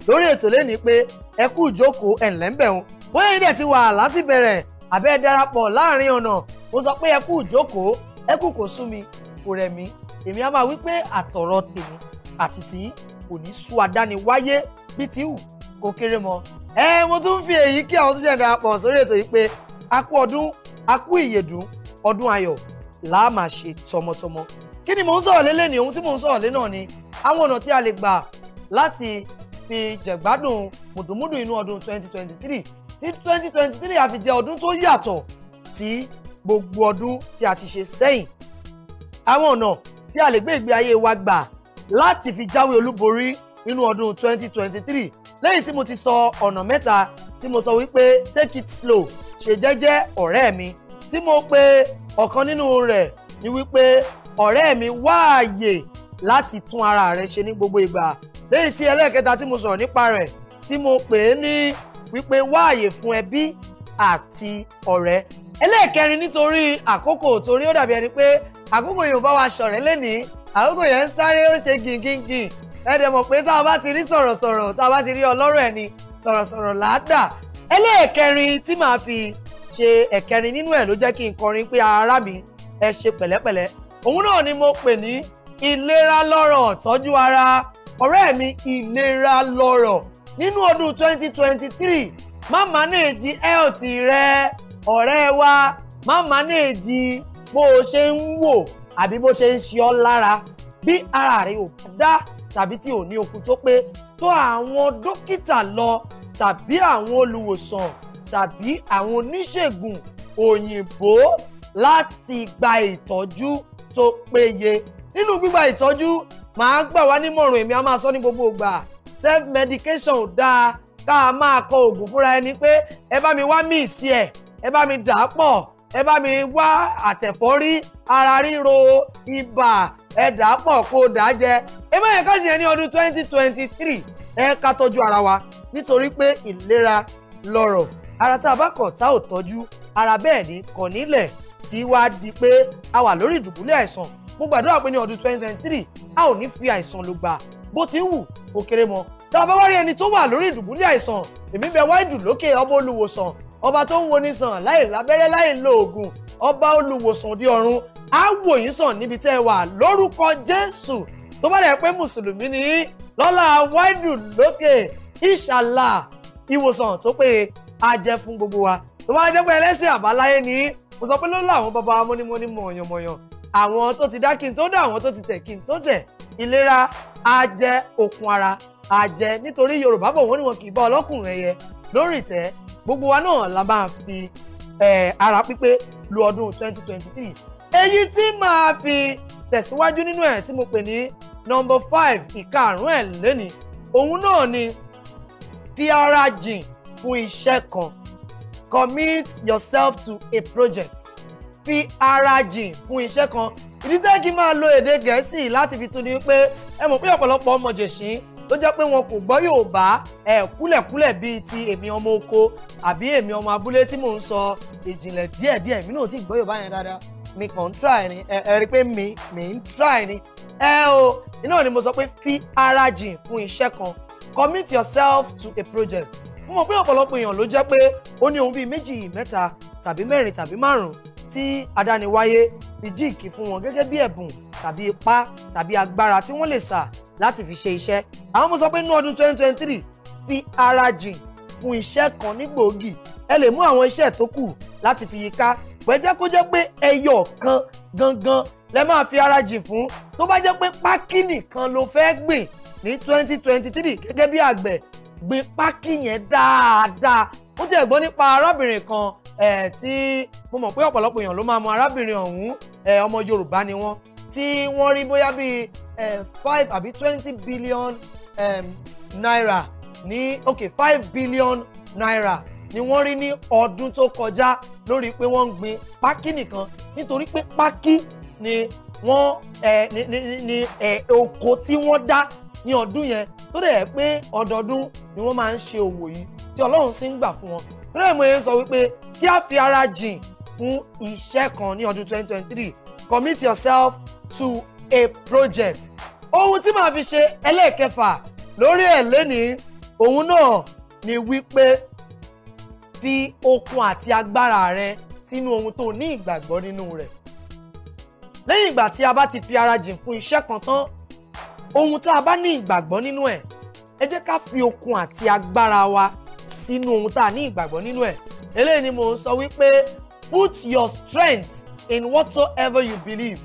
lórí ètò lẹ́ni pé ẹ kú ìjókòó ẹ̀ńlẹ́ńbẹ̀hún bóyá yín dẹ̀ ti wà láti bẹ̀rẹ̀ àbẹ́ darapọ̀ láàrin ọ̀nà mo sọ pé ẹ kú ìjókòó ẹ kú kò sú mi kò rẹ̀ mí èmi á máa wí pé àtọ̀rọ̀ tèmi àti kò ní sú adániwáyé fìtíhù kò kéré mọ́ ẹ mo tún fi èyí kí àwọn tó jẹ́ darapọ̀ sórí ètò yìí pé a kú ọdún a kú ìyèdùn ọdún ayọ̀ la máa ṣe tọmọtọmọ kí ni mò ń sọ̀rọ̀ lélẹ̀ ní ohun tí mò ń sọ̀rọ̀ lé náà ni àwọn ọ̀nà tí a lè gbà láti fi jẹ̀gbádùn mùdùmùdù inú ọdún 2023 tí 2023 a fi jẹ́ ọdún tó yàtọ̀ sí gbogbo ọdún tí a ti ṣe sẹ́yìn àwọn ọ̀nà tí a lè gbé ìgbé ayé wa gbà láti fi jáwé olúborí nínú ọdún 2023 lẹ́yìn tí mo ti sọ ọ̀nà mẹ́ta tí mo sọ wípé take it slow ṣe jẹ́jẹ́ ọ̀rẹ́ mi tí mo pe ọ̀kan nínú rẹ̀ ni wípé ọ̀rẹ́ mi wáàyè láti tún ara rẹ̀ ṣe ní gbogbo ìgbà lẹ́yìn tí ẹlẹ́ẹ̀kẹta tí mo sọ̀rọ̀ nípa rẹ̀ tí mo pè é ní wípé wáàyè fún ẹbí àti ọ̀rẹ́ ẹlẹ́ẹ̀kẹrin nítorí àkókò torí ó dàbí ẹni pé àkókò yóò bá wa ṣọ̀rẹ́ lẹ́nìí àkókò yẹn ń sáré ó ṣe gìngìngìn ẹ dẹ̀ mọ̀ pé tá a bá ti rí sọ̀rọ̀sọ̀rọ̀ tá a bá ti rí ọlọ́rọ̀ ẹni sọ̀rọ̀sọ̀rọ̀ làádà ẹlẹ́ẹ̀kẹrin tí màá fi ṣe ẹ̀kẹrin nínú ẹ̀ ló jẹ́ kí n kọrin pé ará mi ẹ ṣe pẹ̀lẹ́pẹ̀lẹ́ òun náà ni mo pè ní ìlera lọ́rọ̀ tọ́jú ara ọ̀rẹ́ mi ìlera lọ́rọ̀ nínú ọdún 2023 má manéèjì health rẹ ọ̀rẹ́ wa má manéèjì bó o ṣe ń wò àbí bó ṣe ń ṣe ọ́ lára bí ara rẹ ò dá tàbí tí ò ní okun tó pé tó àwọn dókítà lọ tàbí àwọn olùwòsàn tàbí àwọn oníṣègùn òyìnbó láti gba ìtọ́jú tó péye nínú gbígba ìtọ́jú màá gbà wá nímọ̀ràn èmi a máa sọ ní gbogbo ìgbà self medication ò dáa ká a máa kọ oògùn fúnra ẹni pé ẹ bá mi wá mí ìsí ẹ ẹ bá mi dà á pọ̀ ẹ bá mi wá àtẹ̀fọ́rí ara ríro ibà ẹ̀dá pọ̀ kó dà jẹ ẹ má yẹn ká ṣe yẹn ní ọdún twenty twenty three ẹ ká tọ́jú ara wa nítorí pé ìlera lọ́rọ̀ ara tá a bá kọ̀ tá ò tọ́jú ara bẹ́ẹ̀ ni kọ̀ nílẹ̀ tí wàá di pé a wà lórí ìdùbúlẹ̀ àìsàn mo gbàdúrà pé ní ọdún twenty twenty three a ò ní fi àìsàn ló gbà bó ti ń wù ó kéré mọ́ tá a bá wá rí ẹni tó wà lórí ìdùbúlẹ̀ àìsàn èmi bẹ wáìdù lókè ọmọ olùwòsàn ọba tó ń wo ni sàn láì lábẹ́rẹ́ láì lo oògùn ọba olùwòsàn òde ọ̀run á wò yín sàn níbi tẹ́ ẹ wà lórúkọ jésù tó bá dẹ̀ pé mùsùlùmí ni lọ́la wáìdù lókè inshallah ìwòsàn tó pé a jẹ́ fún gbogbo wa tó bá jẹ́ pé ẹlẹ́sìn àbáláyé ni mo sọ pé lọ́la àwọn bàbá mọ́nímọ́ní mọ̀yànmọ̀yàn àwọn tó ti dá kí n tó dá àwọn tó ti tẹ̀ kí n tó tẹ̀ ìlera a jẹ́ okun ara a jẹ́ nítorí yorùbá bọ̀ wọ́n ní wọn kì í bá ọlọ́kùnrin ẹ̀yẹ lórí ìtẹ́ gbogbo wa náà la máa fi ara pípé lu ọdún twenty twenty three èyí tí màá fi tẹ̀síwájú nínú ẹ̀ tí mo pè ní nọmba five ìkarùn-ún ẹ̀ lónìí òun náà ni fi ara jìn fún iṣẹ́ kan commit yourself to a project fi ara jìn fún iṣẹ́ kan ìdí tẹ́ kí máa lo èdè gẹ̀ẹ́sì láti fi tún ni pé ẹ mọ̀ pé ọ̀pọ̀lọpọ̀ ọmọ jèṣin tó jẹ́ pé wọn kò gbọ́ Yorùbá ẹ̀ kúlẹ̀kúlẹ̀ bíi ti èmi ọmọ oko àbí èmi ọmọ abúlé tí mò ń sọ ìjìnlẹ̀ díẹ̀díẹ̀ mi náà ti gbọ́ Yorùbá yẹn dáadáa mi kàn ń try ni ẹ rí i pé mi mi ń try ni ẹ o iná ni mo sọ pé fi ara jìn fún iṣẹ́ kan commit yourself to a project mo mọ̀ pé ọ̀pọ̀lọpọ̀ èèyàn ló jẹ́ pé ó ní ohun bíi méjì mẹ́ta tàbí mẹ́rin tàbí márùn-ún tí adániwáyé fi jíìkì fún wọn gẹ́gẹ́ bí ẹ̀bùn tàbí ipá tàbí agbára tí wọ́n lè sà láti fi ṣe iṣẹ́ àwọn ọmọ sọ pé ní ọdún 2023 fi ara jìn fún iṣẹ́ kan ní gbòógì ẹ lè mú àwọn iṣẹ́ tó kù láti fi yíká pẹ́ jẹ́ kó jẹ́ pé ẹyọ kan gangan lẹ máa fi ara jìn fún tó bá jẹ́ pé pákí nìkan ló fẹ́ gbìn ní 2023 gẹ́gẹ́ bí àgbẹ̀ gbìn pákí yẹn dáadáa mo ti ẹ̀gbọ́n nípa arábìnrin kan tí mo mọ̀ pé ọ̀pọ̀lọpọ̀ èèyàn ló máa mọ arábìnrin ọ̀hún ọmọ Yorùbá ni wọ́n tí wọ́n rí bóyá bíi five àbí twenty billion naira ní ok five billion naira ni wọ́n rí ní ọdún tó kọjá lórí pé wọ́n ń gbin pákí nìkan nítorí pé pákí ni wọ́n ẹ ni ni ni ẹ oko tí wọ́n dá ní ọdún yẹn tó dẹ̀ pé ọdọọdún ni wọ́n máa ń ṣe òwò yìí tí ọlọ́run sì ń gbà fún wọn rẹ́ẹ̀mọ̀ye sọ wípé kí a fi ara jìn fún iṣẹ́ kan ní ọdún 2023 commit yourself to a project ohun tí màá fi ṣe ẹlẹ́ẹ̀kẹfà lórí ẹ̀ lénìí òun náà ni wípé fi okun àti agbára rẹ sínú ohun tó ní ìgbàgbọ́ nínú rẹ̀ lẹ́yìn ìgbà tí a bá ti fi ara jìn fún iṣẹ́ kan tán ohun tá a bá ní ìgbàgbọ́ nínú ẹ̀ ẹ jẹ́ ká fi okun àti agbára wa sínú ohun tá a ní ìgbàgbọ́ nínú ẹ̀ eléyìí ni mo ń sọ wípé put your strength in whatsoever you believe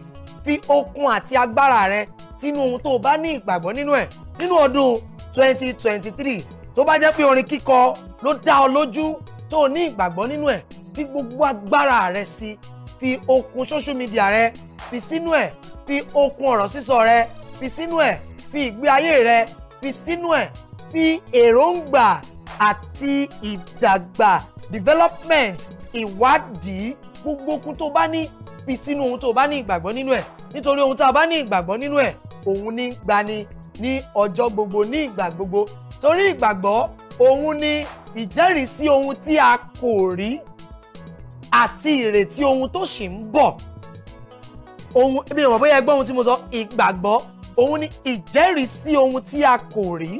fi okun àti agbára rẹ sínú ohun tó o bá ní ìgbàgbọ́ nínú ẹ̀ nínú ọdún 2023 tó bá jẹ́ pé orin kíkọ ló dá ọ lójú tó o ní ìgbàgbọ́ nínú ẹ̀ fi gbogbo agbára rẹ sí fi okun social media rẹ fi sínú ẹ̀ fi okun ọ̀rọ̀ sísọ rẹ fi sínú ẹ̀ fi ìgbé ayé rẹ fi sínú ẹ̀ fi èròǹgbà àti ìdàgbà development ìwádìí gbogbo okun tó bá ní fi sínú ohun tó bá ní ìgbàgbọ́ nínú ẹ̀ nítorí ohun tá a bá ní ìgbàgbọ́ nínú ẹ̀ òun ní gbani ní ọjọ́ gbogbo ní ìgbà gbogbo torí ìgbàgbọ́ òun ní ìjẹ́rìísí ohun tí a kò rí àti ìrètí ohun tó sì ń bọ̀ ohun bí ìwọ̀n bóyá ẹgbọ́n ohun tí mo sọ ìgbàgbọ́ òun ní ìjẹ́rìísí ohun tí a kò rí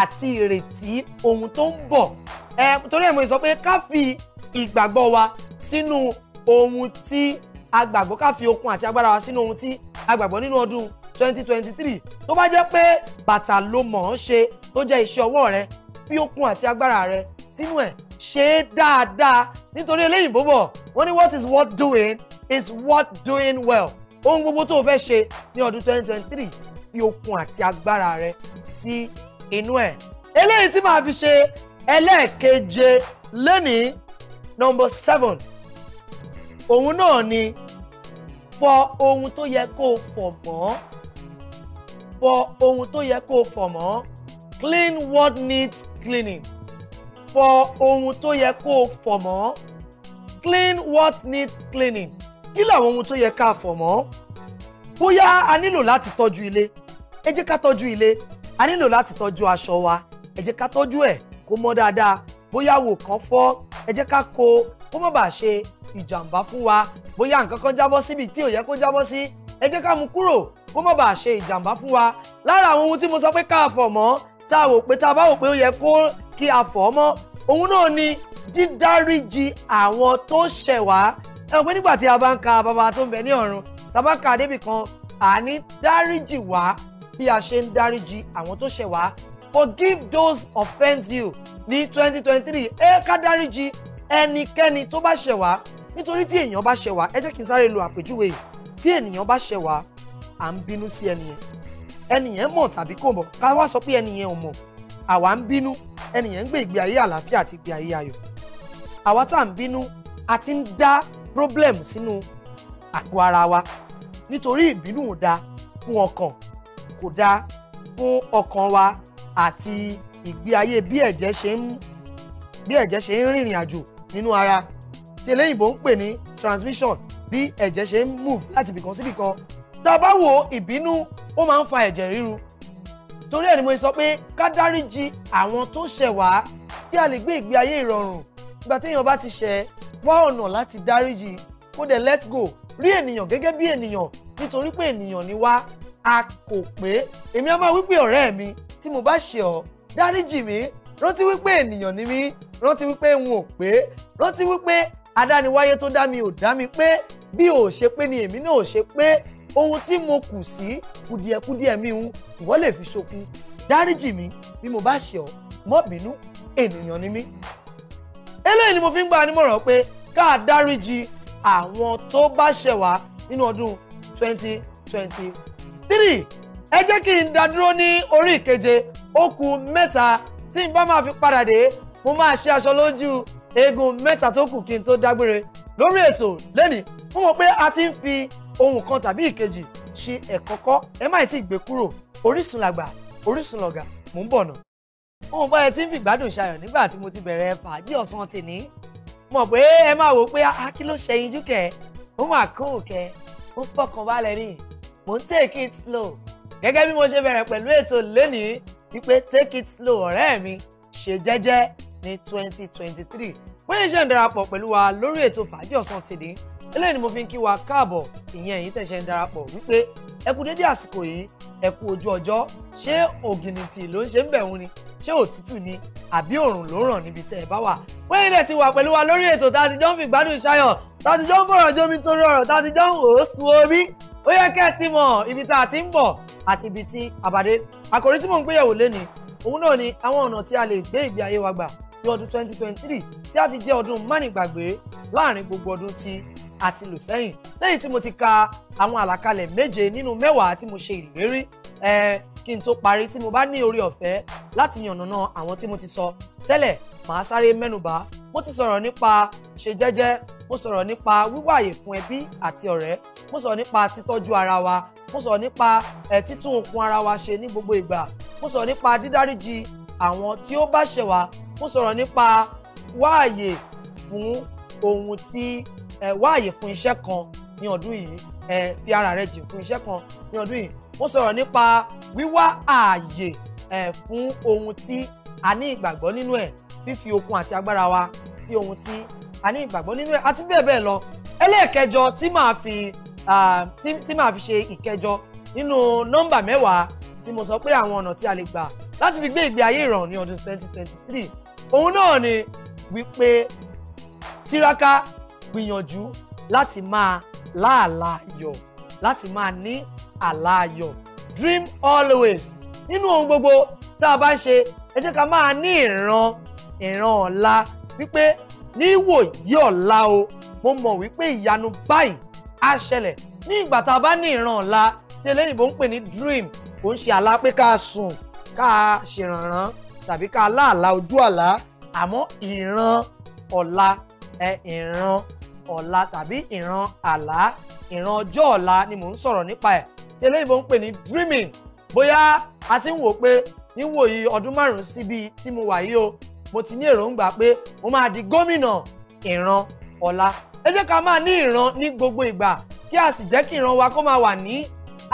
àti ìrètí ohun tó ń bọ̀ ẹ torí ẹ̀ mo sọ pé ká fi ìgbàgbọ́ wa sínú ohun tí a gbàgbọ́ ká fi okun àti agbára wa sínú ohun tí a gbàgbọ́ nínú ọdún 2023 tó bá jẹ́ pé bàtà ló mọ̀ ọ́n ṣe tó jẹ́ iṣẹ́ ọwọ́ rẹ fi okun àti agbára rẹ sínú ẹ̀ ṣe é dáadáa nítorí eléyìnbó bọ̀ wọ́n ní what is worth doing is worth doing well ohun gbogbo tó o fẹ́ ṣe ní ọdún 2023 fi okun àti agbára rẹ sí inú ẹ̀ eléyìí tí màá fi ṣe ẹlẹ́ẹ̀keje lẹ́nìí nọmba seven òun náà ni fọ̀ ohun tó yẹ kó o fọ̀ mọ́ fọ̀ ohun tó yẹ kó o fọ̀ mọ́ clean what needs cleaning fọ̀ ohun tó yẹ kó o fọ̀ mọ́ clean what needs cleaning kí làwọn ohun tó yẹ ká fọ̀ mọ́ bóyá a nílò láti tọ́jú ilé ẹ jẹ́ ká tọ́jú ilé a nílò láti tọ́jú aṣọ wa ẹ jẹ́ ká tọ́jú ẹ̀ kó mọ́ dáadáa bóyá wò kán fọ́ ẹ jẹ́ ká kó kó má bàa ṣe ìjàmbá fún wa bóyá nǹkan kan jábọ́ síbi tí ò yẹ kó jábọ́ sí ẹ jẹ́ ká mú kúrò kó má bàa ṣe ìjàmbá fún wa lára àwọn ohun tí mo sọ pé ká fọ̀ mọ́ tá a wò pé tá a bá wò pé ó yẹ kó kí a fọ̀ mọ́ òun náà ni dídáríjì àwọn tó ṣẹ̀ wá ẹ mọ̀ pé nígbà tí a bá ń ka bàbá tó ń bẹ ní ọ̀run tá a bá ka débì kan àní dáríjì wá bí a ṣe ń dáríji àwọn tó ṣẹ̀ wá forgive those offend you ní twenty twenty three ẹ ká dáríji ẹnikẹ́ni tó bá ṣẹ̀ wá nítorí tí èèyàn bá ṣẹ̀ wá ẹ jẹ́ kí n sáré lo àpèjúwe yìí tí ènìyàn bá ṣẹ̀ wá à ń bínú sí ẹnìyẹn ẹnìyẹn mọ̀ tàbí kò mọ̀ ká wá sọ pé ẹnìyẹn ò mọ̀ àwa ń bínú ẹnìyẹn ń gbé ìgbé ayé àlàáfíà àti ìgbé ayé ayọ̀ àwa tá à ń bínú a ti ń dá problem sínú àgọ́ ara wa nítorí ìbínú ò dáa fún ọkàn kò dáa fún ọkàn wa àti ìgbé ayé bí ẹ̀jẹ̀ ṣe ń bí ẹ̀jẹ̀ ṣe ń rìnrìn àjò nínú ara tí eléyìnbó ń pè ní transmission bí ẹ̀jẹ̀ ṣe ń move láti ibìkan sí ibìkan tá a bá wo ìbínú ó máa ń fa ẹ̀jẹ̀ ríru torí ẹ̀ ni mo sọ pé ká dáríji àwọn tó ṣẹ̀ wá kí a lè gbé ìgbé ayé ìrọ̀rùn ìgbà téèyàn bá ti ṣẹ̀ wá ọ̀nà láti dáríji kó dẹ̀ let go rí ènìyàn gẹ́gẹ́ bí ènìyàn nítorí pé ènìyàn ni wá a kò pé èmi á máa wípé ọ̀rẹ́ mi tí mo bá ṣe ọ́ dáríjì mi rántí wípé ènìyàn ni mí rántí wípé n ò pé rántí wípé adániwáyé tó dá mi ò dá mi pé bí ò ṣe pé ni èmi náà ò ṣe pé ohun tí mo kù sí kùdìẹ̀kùdìẹ̀ mi hun ìwọ lè fi ṣokun dáríjì mi bí mo bá ṣe ọ́ mọ́ bínú ènìyàn ni mí. eléyìí ni mo fi ń gba nímọ̀ràn pé ká dáríjì àwọn tó bá ṣẹ̀ nínú ọdún 2023 three ẹ jẹ́ kí n dádúró ní orí ìkeje ó kù mẹ́ta tí n bá máa fi padà dé mo máa ṣe aṣọ lójú eegun mẹ́ta tó kù kí n tó dágbére lórí ètò lẹ́nìí mo mọ̀ pé a ti ń fi ohun kan tàbí ìkejì ṣe ẹ̀kọ́kọ́ ẹ má ti gbé kúrò Orísun làgbà Orísun lọ̀gà mò ń bọ̀ nà. ohun bá ẹ ti ń fi ìgbádùn ṣayọ̀ nígbà tí mo ti bẹ̀rẹ̀ fàájì ọ̀sán tèmi mọ̀ pé ẹ máa wò pé a ah, kí ló ṣe yín jù kẹ́ ó máa kó òkẹ́ ó fọkàn balẹ̀ nìyí mo ń take it slow gẹ́gẹ́ bí mo ṣe bẹ̀rẹ̀ pẹ̀lú ètò lónìí wípé take it slow ọ̀rẹ́ mi ṣe jẹ́jẹ́ ní 2023 bóyá iṣẹ́ ń darapọ̀ pẹ̀lú wa lórí ètò fàájì ọ̀sán tèdè eléyìí ni mo fi ń kí wa káàbọ̀ ìyẹn èyí tẹ̀sẹ̀ ń darapọ̀ wípé ẹ kú dédé àsìkò yìí ẹ kú ojú ọjọ́ ṣé ògìnìtì ló ń ṣe ń bẹ̀rù ni ṣé òtútù ni àbí òrùn ló ràn níbi tẹ́ ẹ bá wà. wẹ́yìn dẹ̀ ti wà pẹ̀lú wa lórí ètò tá a ti jọ ń fi gbádùn ṣayọ̀ tá a ti jọ ń bọ̀rọ̀ jomi torí ọ̀rọ̀ tá a ń wò ó ó yẹ kẹ́ ẹ ti mọ̀ ibi tá a ti ń bọ̀ àti ibi tí àbàdé àkòrí tí mò ń gbéyẹ̀wò lénìí òun náà ni àwọn ọ̀nà tí a lè gbé ìgbé ayé wa gbà ní ọdún 2023 tí a fi jẹ́ ọdún mánigbàgbé láàrin gbogbo ọdún tí a ti lò sẹ́yìn lẹ́yìn tí mo ti ka àwọn àlàkalẹ̀ méje nínú mẹ́wàá tí mo ṣe ìlérí kí n tó parí tí mo bá ní orí ọ̀fẹ́ láti yànnàná àwọn tí mo ti sọ tẹ́lẹ̀ màá sáré mẹ́nubà mo ti sọ̀rọ̀ nípa ṣe jẹ́jẹ́ mo sọ̀rọ̀ nípa wíwá àyè fún ẹbí àti ọ̀rẹ́ mo sọ̀rọ̀ nípa títọ́jú ara wa mo sọ̀rọ̀ nípa ẹ̀ títún okun ara wa ṣe ní gbogbo ìgbà mo sọ̀rọ̀ nípa dídáríjì àwọn tí ó bá ṣẹ̀ wá ń sọ̀rọ̀ nípa wáàyè fún ohun tí ẹ wáàyè fún iṣẹ́ kan ní ọdún yìí ẹ fi ara rẹ jìn fún iṣẹ́ kan ní ọdún yìí ń sọ̀rọ̀ nípa wíwá ààyè ẹ fún ohun tí a ní ìgbàgbọ́ nínú ẹ̀ fífi okun àti agbára wa sí ohun tí a ní ìgbàgbọ́ nínú ẹ̀ àti bẹ́ẹ̀ bẹ́ẹ̀ lọ ẹlẹ́ẹ̀kẹjọ tí màá fi tí màá fi ṣe ìkẹjọ nínú nọ́mbà mẹ́wàá tí mo sọ pé àwọn ọ̀nà tí a lè gbà láti fi gbé ìgbé ayé ìrọ̀rùn ní ọdún 2023 òun náà ni wípé tiraka gbìyànjú láti máa láàlá ayọ̀ láti máa ní àlá dream always nínú ohun gbogbo tá a bá ń ṣe ẹ jẹ́ ká máa ní ìran ìran ọ̀la wípé ní ìwòyí ọ̀la o mo mọ̀ wípé ìyanu báyìí á ṣẹlẹ̀ ní ìgbà tá a bá ní ìran ọ̀la tí eléyìnbó ń pè ní dream kò ń ṣe àlá ká sùn ká ṣèrànràn tàbí ká láàlá ojú àlá àmọ́ ìran ọ̀la ẹ ìran ọ̀la tàbí ìran àlá ìran ọjọ́ ọ̀la ni mò ń sọ̀rọ̀ nípa ẹ̀ tí eléyìí mo ń pè ní dreaming bóyá a ti ń wò pé níwòyí ọdún márùn-ún síbi tí mo wà yìí o mo ti ní èròǹgbà pé mo máa di gómìnà ìran ọ̀la ẹ jẹ́ ká máa ní ìran ní gbogbo ìgbà kí a sì jẹ́ kí ìran wa kó máa wà ní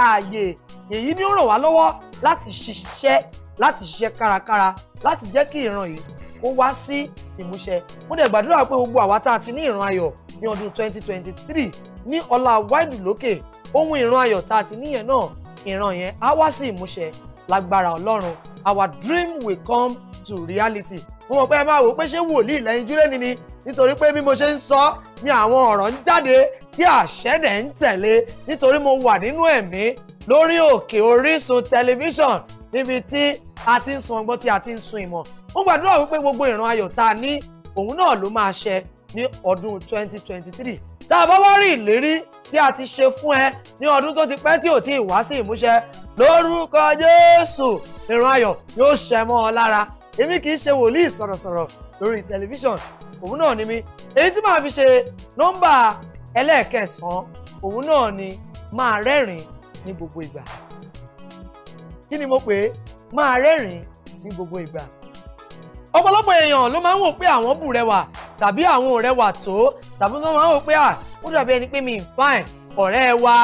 ààyè èyí ni ó ràn wá lọ́wọ́ láti ṣiṣẹ́ láti ṣiṣẹ́ kárakára láti jẹ́ kí ìran yìí kó wá sí ìmúṣẹ mo dẹ̀ gbàdúrà pé gbogbo àwa tá a ti ní ìran ayọ̀ ní ọdún 2023 ní ọlá wáìdù lókè ohun ìran ayọ̀ tá a ti níyẹn náà ìran yẹn á wá sí ìmúṣẹ lágbára ọlọ́run our dream will come to reality mo mọ̀ pé ẹ máa wò pé ṣé wòlíì lẹ́yìn júlẹ̀ ni ni nítorí pé bí mo ṣe ń sọ ni àwọn ọ̀rọ̀ ń jáde tí àṣẹ dẹ̀ ń tẹ̀lé nítorí mo wà nínú ẹ̀mí lórí òkè Orísun tẹlifíṣàn níbi tí a ti ń sun ọgbọ́n tí a ti ń sun ìmọ̀ mo gbàdúrà wípé gbogbo ìran ayọ̀ tá a ní òun náà ló máa ṣẹ ní ọdún 2023 tá a bá wá rí ìlérí tí a ti ṣe fún ẹ ní ọdún tó ti pẹ́ tí ò tí ì wá sí ìmúṣẹ lórúkọ Jésù ìran ayọ̀ yóò ṣẹ mọ́ ọ lára èmi kì í ṣe wòlíì sọ̀rọ̀sọ̀rọ̀ lórí tẹlifíṣàn òun náà ni mí èyí tí màá fi ṣe nọ́mbà ẹlẹ́ẹ̀kẹsàn-án òun náà ni máa rẹ́rìn-ín ní gbogbo ìgbà kí ni mo pè é máa rẹ́rìn ní gbogbo ìgbà ọ̀pọ̀lọpọ̀ èèyàn ló máa ń wò pé àwọn bù rẹwà tàbí àwọn ò rẹwà tó tàbí wọ́n máa ń wò pé à ó dàbí ẹni pé mi ì fine ọ̀rẹ́ wa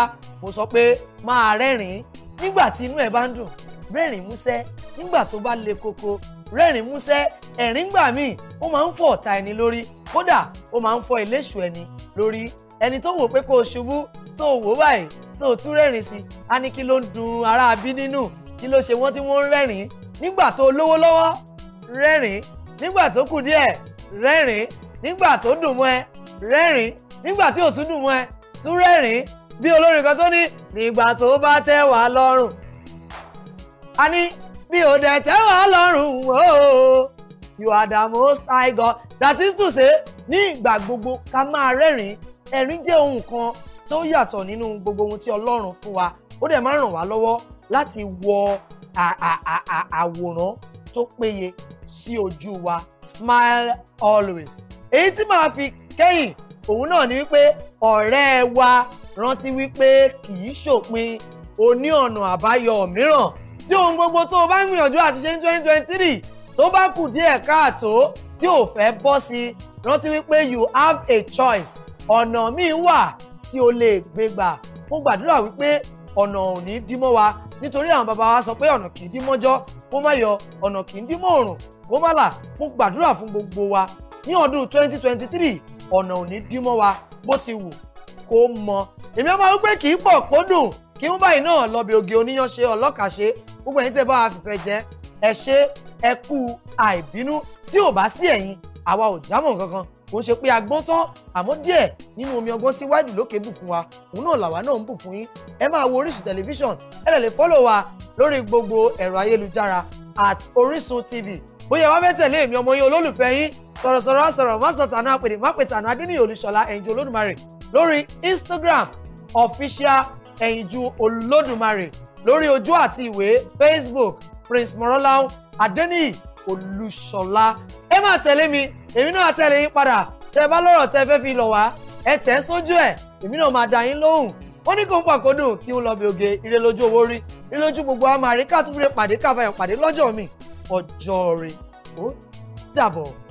mo sọ pé máa rẹ́rìn nígbà tí inú ẹ bá ń dùn rẹ́rìn músẹ́ nígbà tó bá le koko rẹ́rìn músẹ́ ẹ̀rín gbà míì ó máa ń fọ́ ọ̀tá ẹni lórí kódà ó máa ń fọ́ iléṣù ẹni lórí ẹni tó wò pé kó o ṣubú tó wò báyìí tó tún rẹ́rìn sí a ní kí ló ń dun ará abí nínú kí ló ṣe wọ́n tí wọ́n ń rẹ́rìn nígbà tó lówó lọ́wọ́ rẹ́rìn nígbà tó kù díẹ̀ rẹ́rìn nígbà tó dùn mọ́ ẹ rẹ́rìn nígbà tí ò tún dùn mọ́ ẹ tún rẹ́rìn bí olórin kan tó ní nígbà tó bá tẹ́ wà lọ́rùn a ní bí ò dẹ̀ tẹ́ wà lọ́rùn ooo you are the most high god that is to say ní ìgbà gbogbo ká máa rẹ́rìn ẹ̀rín jẹ́ ohun kan tó yàtọ̀ nínú gbogbo ohun tí ọlọ́run fún wa ó dẹ̀ máa ń ràn wá lọ́wọ́ láti wọ àwòrán tó péye sí ojú wa smile always èyí tí màá fi kẹ́yìn òun náà ni wípé ọ̀rẹ́ wa rántí wípé kì í ṣòpin o ní ọ̀nà àbáyọ mìíràn tí ohun gbogbo tó o bá ń gbìyànjú àti ṣe ní twenty twenty three tó bá kù díẹ̀ káàtó tí ò fẹ́ bọ́ sí rántí wípé you have a choice ọ̀nà míì wà tí o lè gbé gbà mo gbàdúrà wípé ọ̀nà ò ní dí mọ́ wa nítorí àwọn bàbá wa sọ pé ọ̀nà kì í dí mọ́jọ́ kó má yọ ọ̀nà kì í dí òrùn kó má là mo gbàdúrà fún gbogbo wa ní ọdún 2023 ọ̀nà ò ní dí mọ́ wa bó ti wù kó mọ èmi ọmọ wípé kì í pọ̀ kó dùn kí wọ́n báyìí náà lọ bí oge oníyanṣe ọlọ́kàṣe gbogbo ẹ̀yin tẹ́ bá wa fìfẹ́ jẹ ẹ ṣé ẹ kú àìbínú tí ò bá sí ẹ̀yin àwa ò jámọ̀ kankan kò ń ṣe pé agbọ́n tán àmọ́ díẹ̀ nínú omi ọgbọ́n tí wáìdì lókè bù fún wa òun náà làwa náà ń bù fún yín ẹ máa wo Orísun tẹlifíṣàn ẹ lè lè fọ́lọ̀ wa lórí gbogbo ẹ̀rọ ayélujára at Orísun TV bóyá wá fẹ́ tẹ̀lé èmi ọmọ yín olólùfẹ́ yín sọ̀rọ̀sọ̀rọ̀ àsọ̀rọ̀ mọ́sọ̀tànà àpèdè mápètànà adínníyì olùṣọ́lá ẹ̀yinjú olódùmarè lórí Instagram official ẹ̀yinjú olódùmarè lórí ojú àti ìwé Facebook Prince Morolan Adeniyi Olúṣọlá ẹ máa tẹ̀lé mi èmi náà tẹ̀lé yín padà tẹ bá lọ́rọ̀ tẹ fẹ́ fi lọ̀ wá ẹ tẹ̀ sójú ẹ̀ èmi náà máa dá yín lóhùn ó ní kó ń pàkó dùn kí n lọ bí oge ire lójú owó rí ire lójú gbogbo àmàrí ká tún fi pàdé káfàyàn pàdé lọ́jọ́ mi ọjọ́ rẹ̀ ó dàbọ̀.